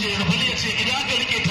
ce ya ce idan aka rike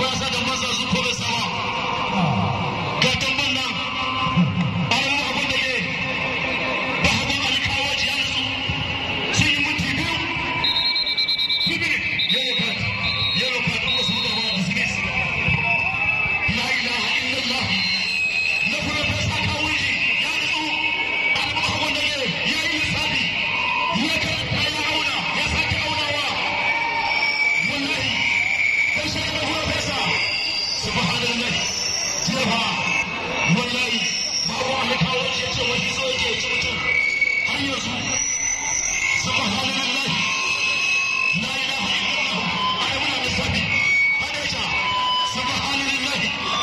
plaza de Yeah.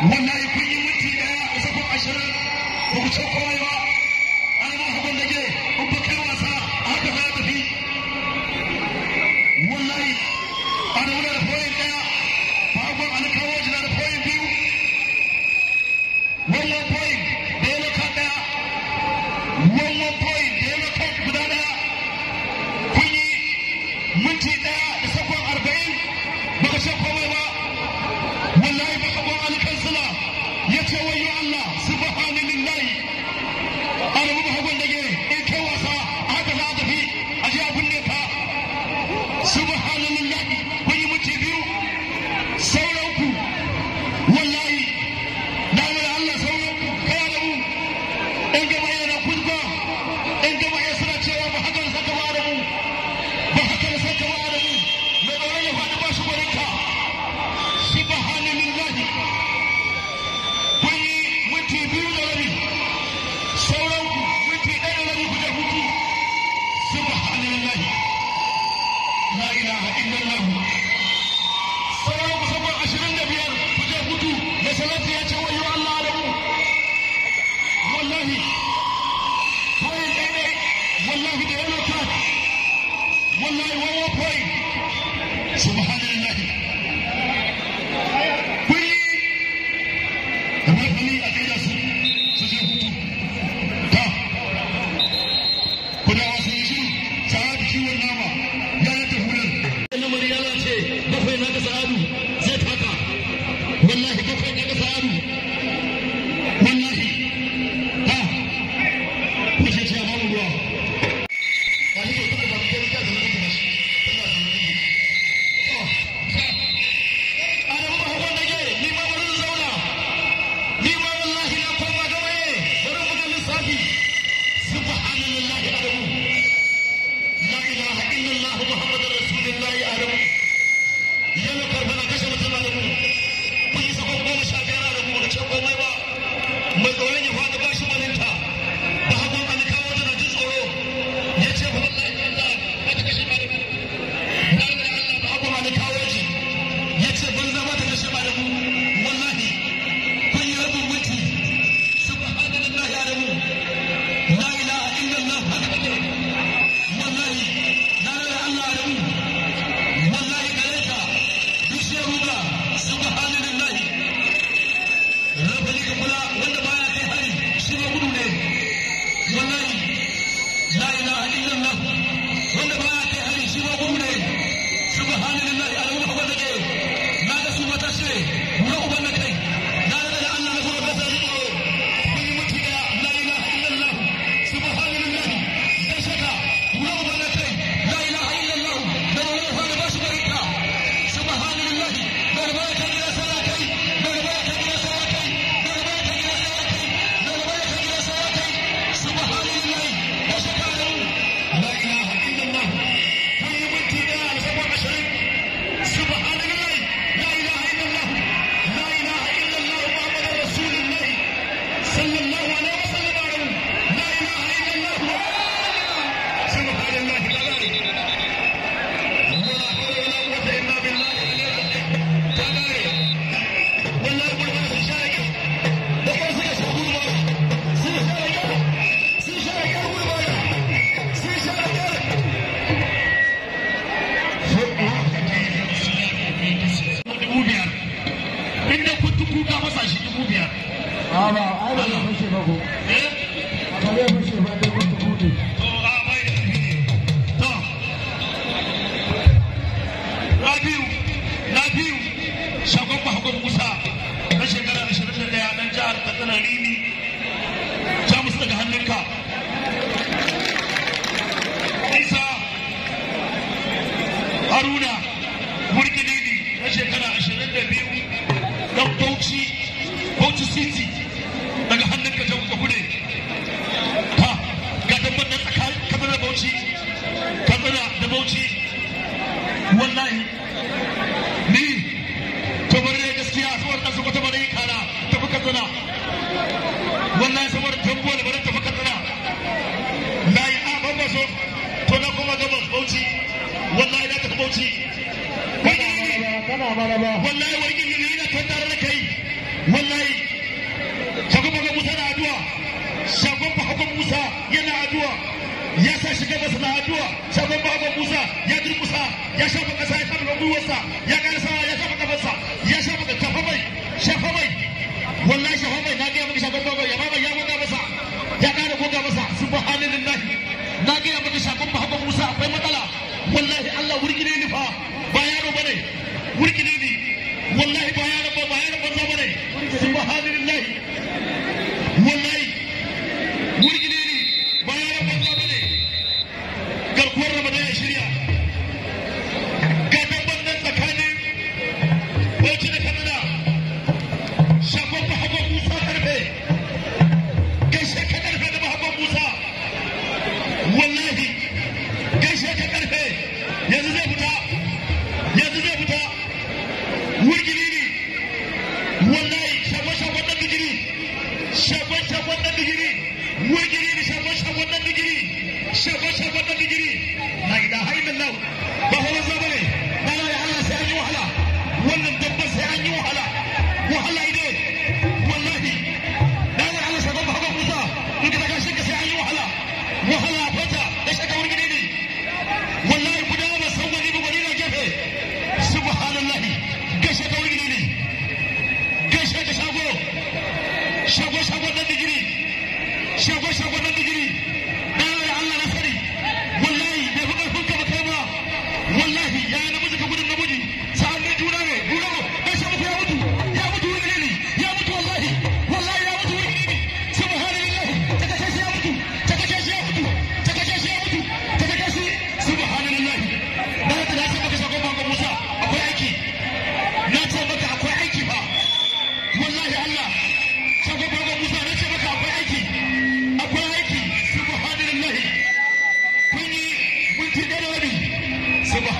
Nigga 好不好？爱民，和谐，合福。Yeah.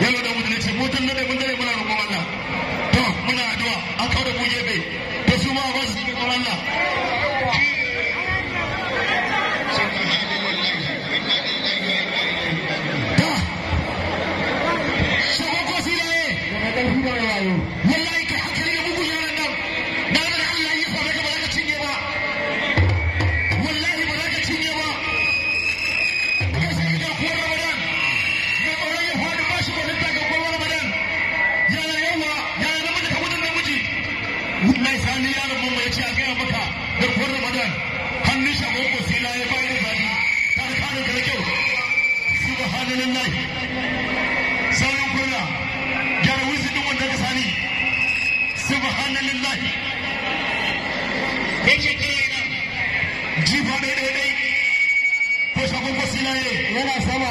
yalo da mutum ce mutum ne mun dare muna roƙon Allah to muna addu'a a kawo da mu gefe da su ma ba su roƙon Allah lillahi yake na jifa ne daidai ko shagun yana sama